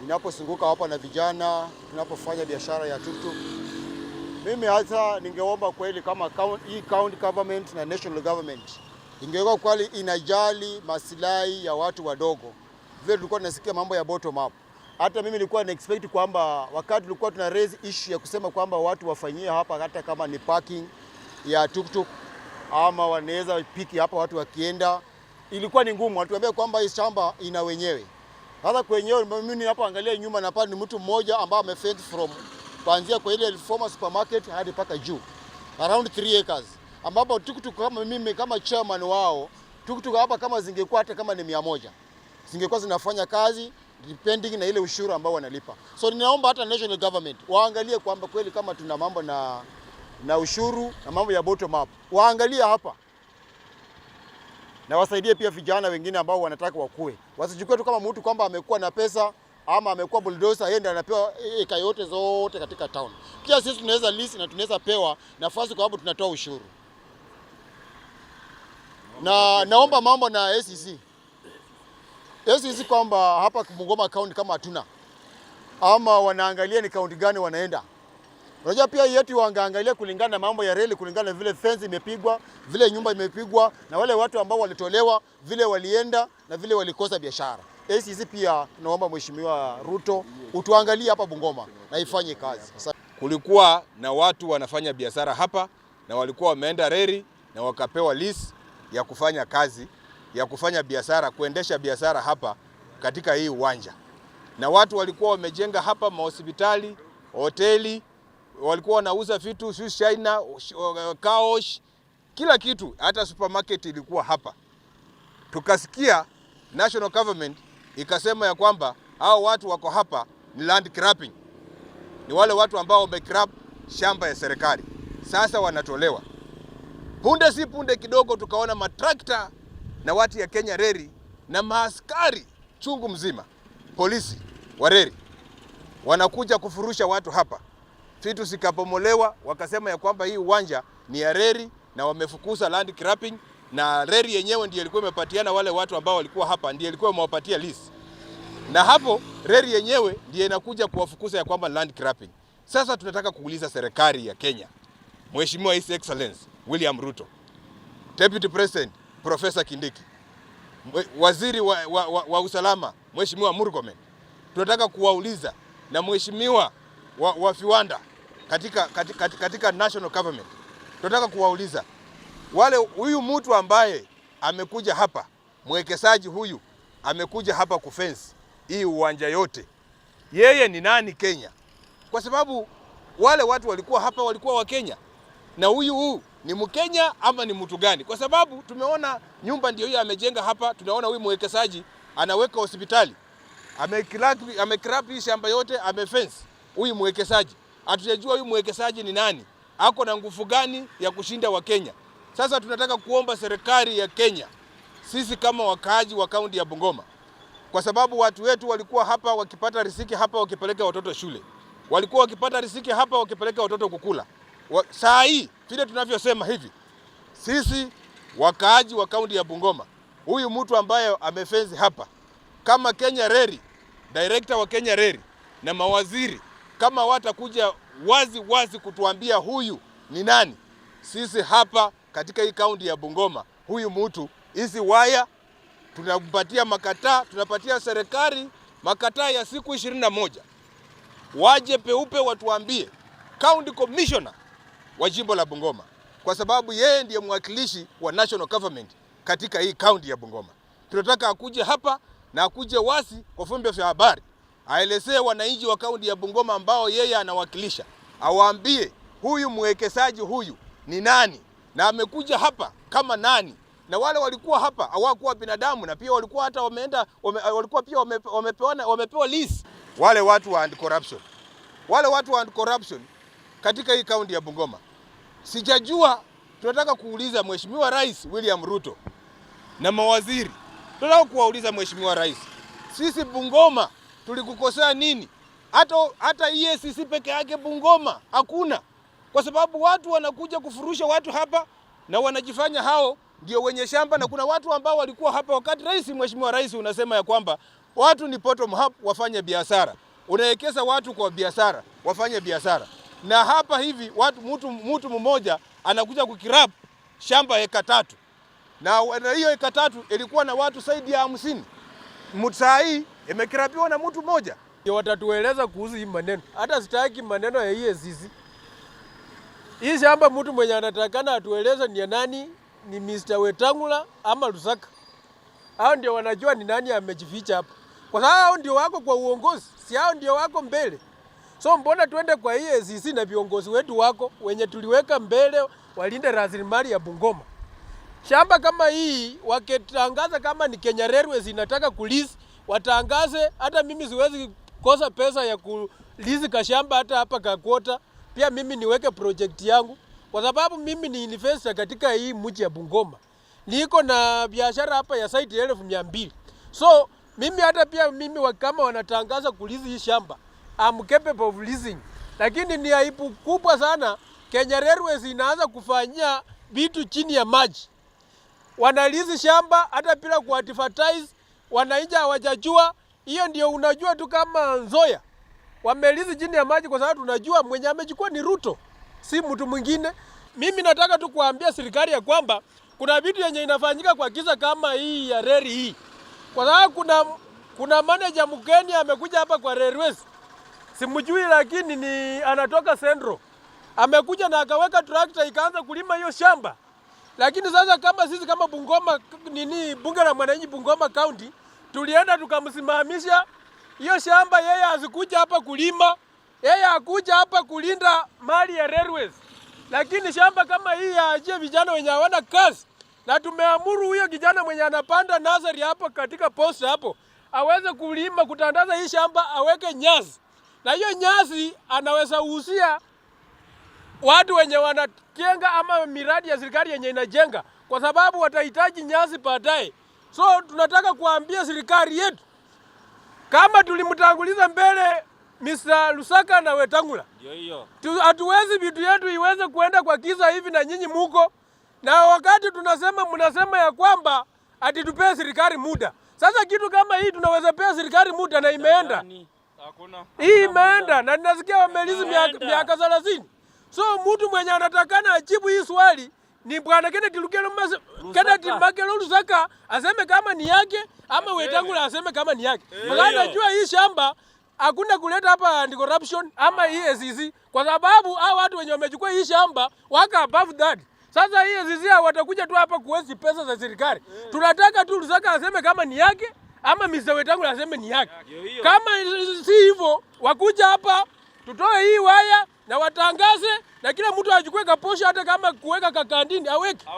ninapozunguka hapa na vijana tunapofanya biashara ya tuktuk. Mimi hata ningeomba kweli kama hii county government na national government ingekuwa kweli inajali masilahi ya watu wadogo, vile tulikuwa tunasikia mambo ya bottom up. Hata mimi nilikuwa na expect kwamba wakati tulikuwa tuna raise issue ya kusema kwamba watu wafanyie hapa hata kama ni parking ya tuktuk ama wanaweza piki hapa watu wakienda, ilikuwa ni ngumu. Watuambia kwamba hii shamba ina wenyewe hata kwenyewe mimi ninapoangalia nyuma na pale ni mtu mmoja ambaye amefaint from kuanzia kwa ile former supermarket hadi paka juu around 3 acres, ambapo tukutu kama mimi kama chairman wao tukutu hapa kama zingekuwa hata kama ni 100. zingekuwa zinafanya kazi depending na ile ushuru ambao wanalipa. So ninaomba hata national government waangalie kwamba kweli kama tuna mambo na, na ushuru na mambo ya bottom up waangalie hapa na wasaidie pia vijana wengine ambao wanataka wakue, wasichukue tu kama mtu kwamba amekuwa na pesa ama amekuwa bulldozer, yeye ndiye anapewa eka yote zote katika town. Pia sisi tunaweza lease na tunaweza pewa nafasi kwa sababu tunatoa ushuru na naomba mambo na SEC SEC kwamba hapa Bungoma kaunti kama hatuna ama wanaangalia ni kaunti gani wanaenda Unajua pia yetu wangaangalia kulingana na mambo ya reli, kulingana na vile fence imepigwa, vile nyumba imepigwa, na wale watu ambao walitolewa, vile walienda na vile walikosa biashara. ACC pia tunaomba Mheshimiwa Ruto utuangalie hapa Bungoma na ifanye kazi. Kulikuwa na watu wanafanya biashara hapa na walikuwa wameenda reli na wakapewa lease ya kufanya kazi ya kufanya biashara, kuendesha biashara hapa katika hii uwanja, na watu walikuwa wamejenga hapa mahospitali, hoteli walikuwa wanauza vitu si China uh, kaosh kila kitu, hata supermarket ilikuwa hapa. Tukasikia national government ikasema ya kwamba hao watu wako hapa ni land grabbing, ni wale watu ambao wamegrab shamba ya serikali, sasa wanatolewa. Punde si punde kidogo, tukaona matrakta na watu ya Kenya Reri na maaskari chungu mzima polisi wa reri wanakuja kufurusha watu hapa vitu zikabomolewa, wakasema ya kwamba hii uwanja ni ya reri na wamefukuza land grabbing, na reri yenyewe ndiyo ilikuwa imepatiana wale watu ambao walikuwa hapa, ndiyo ilikuwa imewapatia lease, na hapo reri yenyewe ndiyo inakuja kuwafukuza ya kwamba land grabbing. Sasa tunataka kuuliza serikali ya Kenya, Mheshimiwa His Excellence William Ruto, Deputy President Professor Kindiki, waziri wa, wa, wa, wa usalama Mheshimiwa Murkomen, tunataka kuwauliza na mheshimiwa wa, wa viwanda katika, katika, katika national government. Tunataka kuwauliza wale, huyu mtu ambaye amekuja hapa, mwekezaji huyu amekuja hapa kufensi hii uwanja yote, yeye ni nani Kenya? Kwa sababu wale watu walikuwa hapa walikuwa wa Kenya, na huyu huu ni Mkenya ama ni mtu gani? Kwa sababu tumeona nyumba ndio hiyo amejenga hapa, tunaona huyu mwekezaji anaweka hospitali, amekirapi hii shamba yote, amefensi huyu mwekezaji hatujajua huyu mwekezaji ni nani, ako na nguvu gani ya kushinda Wakenya. Sasa tunataka kuomba serikali ya Kenya, sisi kama wakaaji wa kaunti ya Bungoma, kwa sababu watu wetu walikuwa hapa wakipata riziki hapa, wakipeleka watoto shule, walikuwa wakipata riziki hapa, wakipeleka watoto kukula. Saa hii vile tunavyosema hivi, sisi wakaaji wa kaunti ya Bungoma, huyu mtu ambaye amefenzi hapa kama Kenya Reri, director wa Kenya Reri na mawaziri kama watakuja wazi wazi kutuambia huyu ni nani, sisi hapa katika hii kaunti ya Bungoma, huyu mtu hizi waya tunampatia makataa, tunapatia serikali makataa ya siku ishirini na moja waje peupe watuambie county commissioner wa jimbo la Bungoma, kwa sababu yeye ndiye mwakilishi wa national government katika hii kaunti ya Bungoma. Tunataka akuje hapa na akuje wasi kwa vyombo vya habari aelezee wananchi wa kaunti ya Bungoma ambao yeye anawakilisha, awaambie huyu mwekezaji huyu ni nani na amekuja hapa kama nani, na wale walikuwa hapa hawakuwa binadamu, na pia walikuwa hata wameenda wame, walikuwa pia wame, wamepewa, wamepewa lease wale watu wa anti-corruption, wale watu wa anti-corruption katika hii kaunti ya Bungoma. Sijajua, tunataka kuuliza Mheshimiwa Rais William Ruto na mawaziri, tunataka kuwauliza Mheshimiwa Rais, sisi Bungoma tulikukosea nini? Hata hata EACC peke yake Bungoma hakuna, kwa sababu watu wanakuja kufurusha watu hapa na wanajifanya hao ndio wenye shamba, na kuna watu ambao walikuwa hapa wakati rais, mheshimiwa rais, unasema ya kwamba watu ni bottom up, wafanye biashara, unawekeza watu kwa biashara, wafanye biashara. Na hapa hivi watu mtu mtu mmoja anakuja kukirap shamba heka tatu, na hiyo heka tatu ilikuwa na watu zaidi ya hamsini mtaa imekirabiwa na mtu mmoja. Watatueleza kuhusu hii maneno, hata sitaki maneno ya hiye zizi. Hii shamba mtu mwenye anatakana atueleze ni nani, ni Mr. Wetangula ama Lusaka? Hao ndio wanajua ni nani amejificha hapa, kwa sababu hao ndio wako kwa uongozi, si hao ndio wako mbele. So mbona tuende kwa hii SCC na viongozi wetu wako wenye tuliweka mbele walinde rasilimali ya Bungoma. Shamba kama hii waketangaza kama ni Kenya Railways inataka kulisi watangaze. Hata mimi siwezi kosa pesa ya kulizi kashamba hata hapa Kakwota, pia mimi niweke project yangu, kwa sababu mimi ni investor katika hii mji ya Bungoma, niko na biashara hapa ya site elfu mia mbili so mimi hata pia mimi kama wanatangaza kulizi hii shamba I'm capable of leasing, lakini ni aibu kubwa sana Kenya Railways inaanza kufanyia vitu chini ya maji, wanalizi shamba hata bila kuadvertise wananchi hawajajua. Hiyo ndio unajua tu kama Nzoia wamelizi chini ya maji, kwa sababu tunajua mwenye amechukua ni Ruto, si mtu mwingine. Mimi nataka tu kuambia serikali ya kwamba kuna vitu yenye inafanyika kwa kisa kama hii ya reli hii, kwa sababu kuna kuna manager mkeni amekuja hapa kwa Railways, simjui lakini ni anatoka Central, amekuja na akaweka trakta ikaanza kulima hiyo shamba. Lakini sasa kama sisi kama Bungoma nini bunge la mwananchi Bungoma County tulienda tukamsimamisha hiyo shamba. Yeye azikuja hapa kulima, yeye akuja hapa kulinda mali ya railways, lakini shamba kama hii yaachie vijana wenye hawana kazi, na tumeamuru huyo kijana mwenye anapanda nazari hapo katika post hapo aweze kulima, kutandaza hii shamba, aweke nyasi, na hiyo nyasi anaweza uhusia watu wenye wanajenga ama miradi ya serikali yenye inajenga, kwa sababu watahitaji nyasi baadaye. So tunataka kuambia serikali yetu kama tulimtanguliza mbele Mr. Lusaka na Wetangula. Ndio hiyo. Hatuwezi vitu yetu iweze kuenda kwa kiza hivi na nyinyi muko. Na wakati tunasema mnasema ya kwamba ati tupee serikali muda. Sasa kitu kama hii tunaweza pea serikali muda na imeenda. Hakuna. Hii imeenda na ninasikia wamelizi miaka 30. So mtu mwenye anatakana ajibu hii swali ni bwana kennedy Lugero mmaze kennedy magelo lusaka aseme kama ni yake ama wetangula aseme kama ni yake Mwana jua hii shamba hakuna kuleta hapa ndi corruption ama hii ah. EACC kwa sababu hao watu wenye wamechukua hii shamba waka above that sasa hii EACC watakuja tu hapa kuwezi pesa za serikali eh. tunataka tu Lusaka aseme kama ni yake ama Mr. Wetangula aseme ni yake kama si hivyo wakuja hapa tutoe hii waya na watangaze, na kila mtu achukue kaposha, hata kama kuweka kakandini aweke.